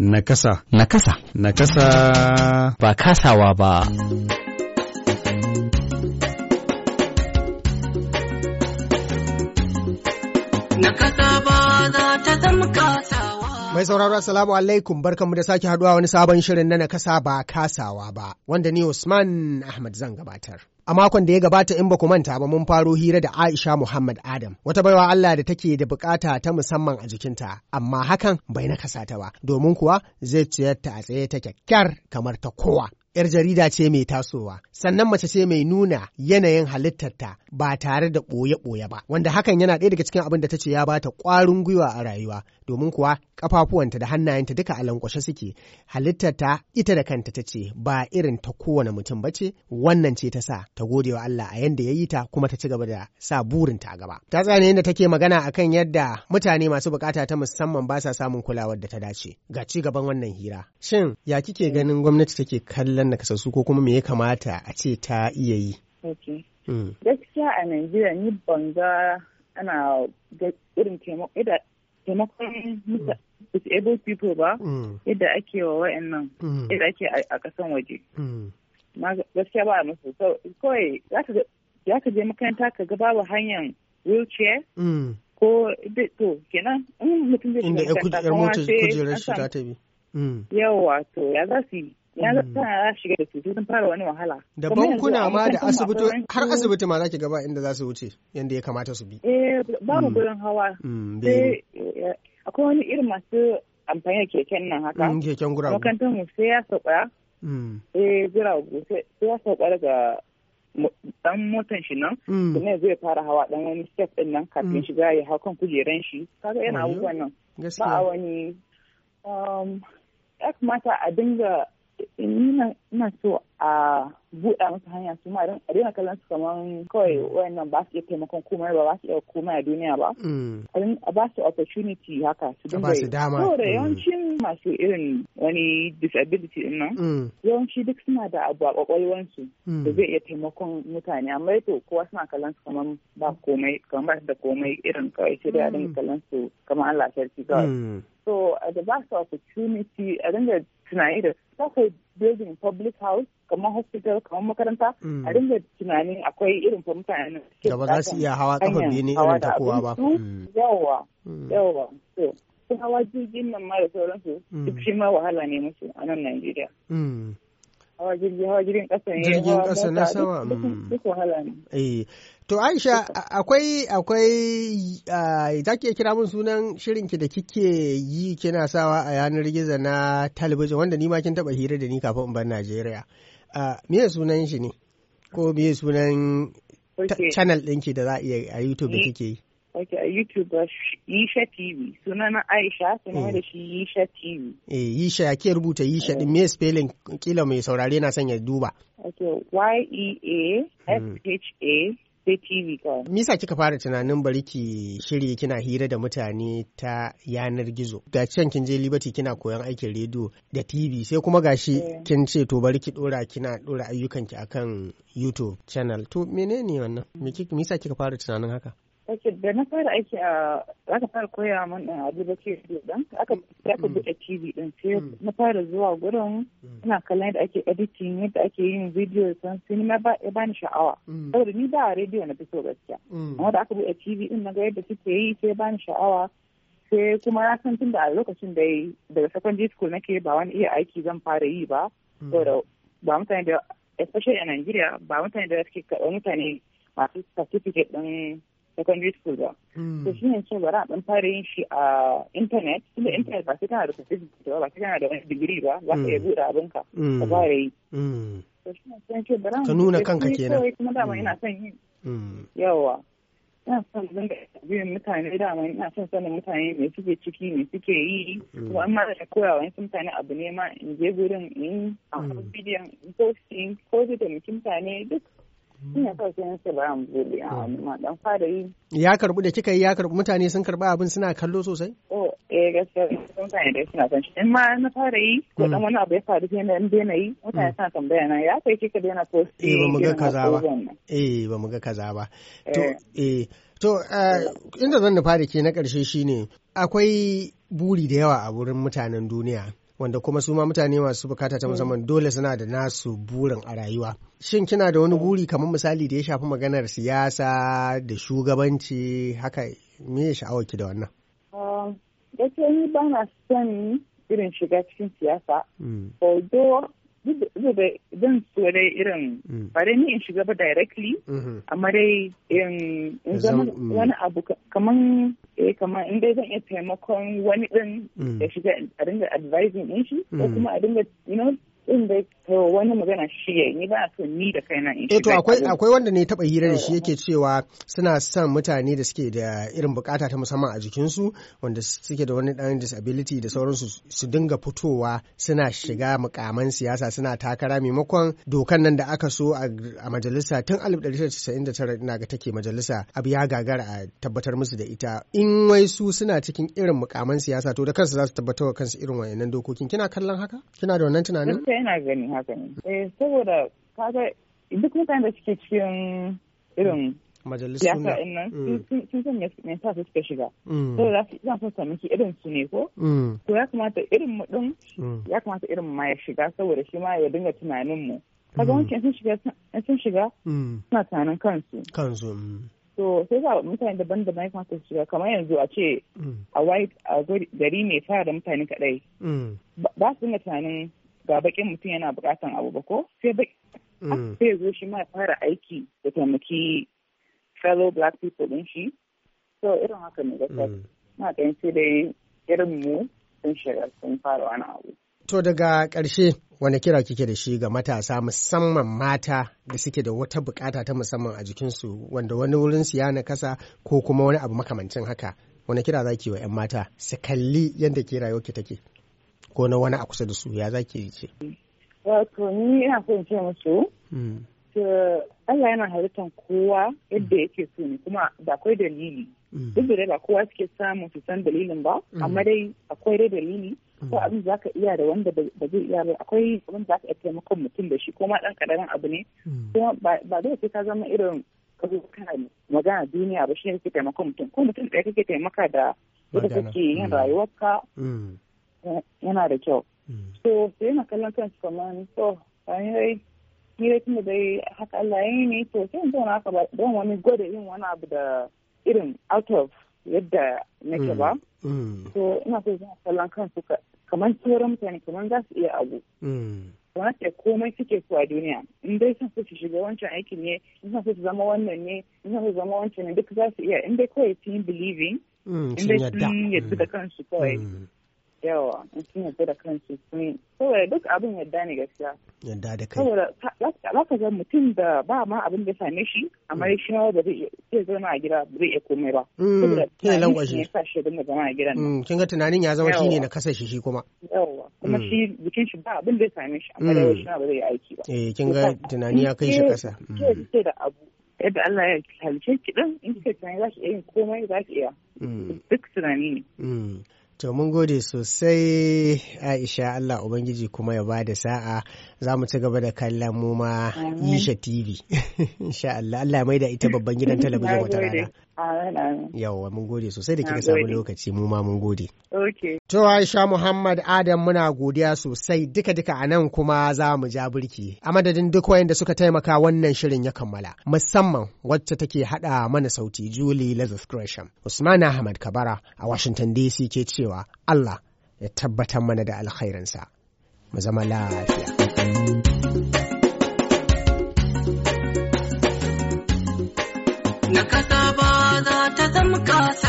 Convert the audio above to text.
Nakasa. Nakasa. Nakasa. Ba kasawa ba. Nakasa ba za ta zama kasawa. Mai sauraro Assalamu alaikum barkanmu da sake haduwa wani sabon shirin na nakasa ba kasawa ba wanda ni Usman Ahmad zan gabatar. A makon da ya gabata in ba ku manta ba mun faro hira da Aisha Muhammad Adam, wata baiwa Allah da take da bukata ta musamman a jikinta, amma hakan bai nakasa ta ba, domin kuwa zai ta a tsaye ta kyakkyar kamar ta kowa. ‘Yar jarida ce mai tasowa, sannan mace ce mai nuna yanayin halittarta ba tare da ɓoye-ɓoye ba wanda hakan yana ɗaya daga cikin abin da ta ce ya ba ta ƙwarin gwiwa a rayuwa domin kuwa ƙafafuwanta da hannayenta duka a lankwashe suke halittarta ita da kanta ta ce ba irin ta kowane mutum ba ce wannan ce ta sa ta gode wa Allah a yanda ya yi ta kuma ta ci gaba da sa burinta a gaba ta tsaya yadda take magana akan yadda mutane masu bukata ta musamman ba sa samun kulawar da ta dace ga ci gaban wannan hira shin ya kike ganin gwamnati take kallon nakasassu ko kuma me ya kamata a ce ta iya yi Mm. gaskiya a Najeriya ni ban ga ana ga irin taimakon mm. disabled people ba mm. yadda ake wa nan yadda ake a kasan waje gaskiya ba a musu kawai za ka je makaranta ka ga babu hanyar wheelchair ko to kenan in mutum zai shiga makaranta kuma sai yawa to ya za su yi ya zata za mm. shiga da su sun fara wani wahala da bankuna ma da asibiti har asibiti ma za ki gaba inda za su wuce yanda ya kamata su bi eh mu mm. gurin hawa mm, eh, akwai wani irin masu amfani da keken nan haka keken guragu makarantar mu sai ya sauka eh guragu sai ya sauka daga dan motan shi nan kuma zai fara hawa dan wani step din nan kafin shiga ya hau kan kujeran shi kaga yana abubuwan nan ba a wani um, ya kamata a dinga Eh, ni ina so a buɗa musu hanya su ma don a daina kallon su kamar kawai mm. wayannan ba su iya taimakon komai ba ba su iya komai a duniya ba mm. a ba su opportunity haka su dinga yi saboda mm. yawancin masu irin wani disability din nan yawanci duk suna da abu a kwakwalwansu da zai iya taimakon mutane amma yato kowa suna kallon su kamar ba komai kamar da komai irin kawai sai dai a dinga kallon su kamar Allah sarki kawai So uh, the vast opportunity, a dinga tunani da akwai building public house kamar hospital kamar makaranta a dinga mm. tunanin akwai irin fa mutane da ba za su iya hawa kafa biyu ne irin ta kowa ba. Mm. Yawa, mm. yawa. So, hawa jirgin nan ma da sauransu duk shi ma wahala ne musu a nan Najeriya. hawa jirgin kasa na sama mm. eh, to Aisha akwai akwai za ki kira mun sunan shirin ki da kike yi kina sawa a yanar gizo na talabijin wanda ni ma kin taba hira da ni kafin ban Najeriya me sunan shi ne ko me sunan channel ɗinki da za a iya a YouTube da kike yi Okay, a YouTuber, Yisha TV. Suna na Aisha suna eh. da shi Yisha TV. Eh Yisha ke rubuta Yisha eh. din me spelling kila mai saurare na sanya duba. Okay Y E A S H A TV kawai. Misa kika fara tunanin bari ki shiri kina hira da mutane ta yanar gizo. Ga can kin je Liberty kina koyon aikin rediyo da TV sai kuma gashi eh. kin ce to bari ki dora kina dora ayyukanki akan YouTube channel. To menene wannan? Me misa kika fara tunanin haka? Take da na fara aiki a aka fara koya min eh, a Abubakar dan aka aka mm. buɗe TV din sai mm. na fara zuwa gurin mm. ina kallon yadda ake editing yadda ake yin video san sinima ba ya bani sha'awa saboda ni ba a rediyo na fi so gaskiya amma da aka buɗe TV din naga yadda suke yi sai ba ni sha'awa sai kuma na san tun da a lokacin da daga secondary school nake ba wani iya aiki zan fara yi ba saboda ba mutane da especially a Nigeria ba mutane da suke karɓar mutane masu certificate din secondary school ba hmm. to shi ne ce bari a dan fara yin shi a internet tunda internet ba sai kana da certificate ba ba sai kana da wani degree ba za ka iya hmm. buɗe abinka ka hmm. fara yi To shi ne sai ce bara ka nuna kanka kenan kuma dama ina son yi yawa ina son zan ga biyan mutane dama ina son sanin mutane me suke ciki me suke yi kuma an mara da koyawa wani mutane abu ne ma in je gurin in a bidiyon posting ko da mutum mutane duk ina kawai sai na ce buɗe a ma hmm. fara yi ya karbu da kika yi ya karbu mutane sun karba abin suna kallo sosai oh eh gaskiya mutane dai suna son shi in ma na fara yi ko ɗan hmm. wani abu ya faru sai na daina yi mutane hmm. suna tambaya na ya kai kika daina posti. eh ba mu ga kaza ba eh ba mu ga kaza ba to eh, eh to inda zan nufa da ke na ƙarshe shine akwai buri da yawa a wurin mutanen duniya wanda kuma suma mutane masu bukata ta mm. musamman dole suna da nasu burin a rayuwa shin kina da wani guri kamar misali da ya shafi maganar siyasa da shugabanci haka me ya sha'awar ki da wannan ah, gaskiya ni ba na son irin shiga cikin siyasa mm. although zan so dai irin mm. ba dai ni in shiga ba directly mm-hmm. amma dai in zama mm. wani abu kaman eh kaman in dai zan iya taimakon wani din mm. ya shiga a dinga advising din shi ko kuma a dinga you know in da wani magana shi ya ni ba so ni da kaina in eh, to akwai akwai wanda ne taba hira da shi eh. yake cewa suna son mutane da suke da irin bukata ta musamman a jikinsu wanda suke da wani dan disability da sauransu su dinga fitowa suna shiga mukaman siyasa suna takara maimakon dokan nan da aka so a majalisa tun 1999 ina ga take majalisa abu ya gagara a tabbatar musu da ita in wai su suna cikin irin mukaman siyasa to da kansu za su tabbatar wa kansu irin wayannan dokokin kina kallon haka kina da wannan tunanin ta yana gani haka ne eh saboda kaga duk mutane da suke cikin irin majalisun siyasa din nan mm. sun san me sa suka shiga mm. saboda za su sami ki irin su ne ko mm. to ya kamata irin mu din ya kamata irin ma ya shiga saboda shi ma ya dinga tunanin mu kaga wancan sun shiga sun shiga suna tunanin kansu kansu so sai sa mutane daban-daban ya kamata su shiga kamar yanzu a ce a white a gari mai fara da mutane kadai ba su dinga tunanin ga bakin mutum yana bukatan abu ba ko sai baki mm. sai zo shi ma fara aiki da taimaki fellow black people din shi so irin haka ne ta mm. na ganin sai dai irin mu sun shiga sun fara wani abu To daga ƙarshe wani kira kike da shi ga matasa musamman mata da suke da wata bukata ta musamman a jikin su wanda wani wurin su ya nakasa ko kuma wani abu makamancin haka wani kira za ki wa 'yan mata su kalli yadda ke rayuwa take. ko na wani a kusa da su ya zaki yi ce wato ni ina son ce musu hmm. Allah yana halittar kowa yadda yake so ne kuma da akwai dalili hmm. duk da ba kowa suke samun su san dalilin ba hmm. amma dai akwai dai dalili ko abin za ka iya da wanda ba zai iya ba akwai abin za ka iya taimakon mutum da shi ko ma dan karamin abu ne kuma ba zai sai ka zama irin ka kana magana duniya ba shi ne kake taimakon mutum ko mutum ɗaya kake taimaka da yadda kake yin rayuwarka yana da kyau mm. so su yana kallon kansu kamar to bayan ni dai tunda dai haka Allah ya yi ne to sai in zauna haka ba don wani gwada yin wani abu da irin out of yadda nake mm. ba mm. so ina so zan kallon su kamar sauran mutane kamar za su iya abu wani ce komai suke su a duniya in dai sun su shiga wancan aikin ne in sun su zama wannan ne in sun su zama wancan ne duk za su iya in dai kawai sun believing in dai sun yadda da kansu kawai yawa in sun yarda da kansu sun saboda duk abin yarda ne gaskiya yarda da kai saboda zaka ka mutum da ba ma abin da same shi amma ya mm. shawo da zai zama a gida zai iya komai ba mm, saboda tunanin shi ne sa shi da zama a gidan mm, kin ga tunanin ya zama shine na kasa shi shi kuma yawa kuma shi jikin shi ba abin da same shi amma da shi ba zai aiki ba eh kin ga tunani ya kai shi kasa ke da abu yadda Allah ya halice ki din in kika tunani za ki iya yin komai za ki iya duk tunani ne To mun gode sosai Aisha Allah Ubangiji kuma ya ba da sa'a za mu ci gaba da kallon mu ma Misha TV. Insha Allah Allah mai da ita babban gidan talabijin wata rana. Ah, Yawwa mun gode sosai da kika samu lokaci mu ma mun gode. To Aisha Muhammad Adam muna godiya sosai duka duka a nan kuma za mu ja birki. A madadin duk wayanda suka taimaka wannan shirin ya kammala musamman wacce take hada mana sauti Julie Lazarus Gresham. Usman Ahmad Kabara a Washington DC ke cewa Allah ya tabbatar mana da alkhairinsa. Mu zama lafiya. na kasa ba Sana ta zamka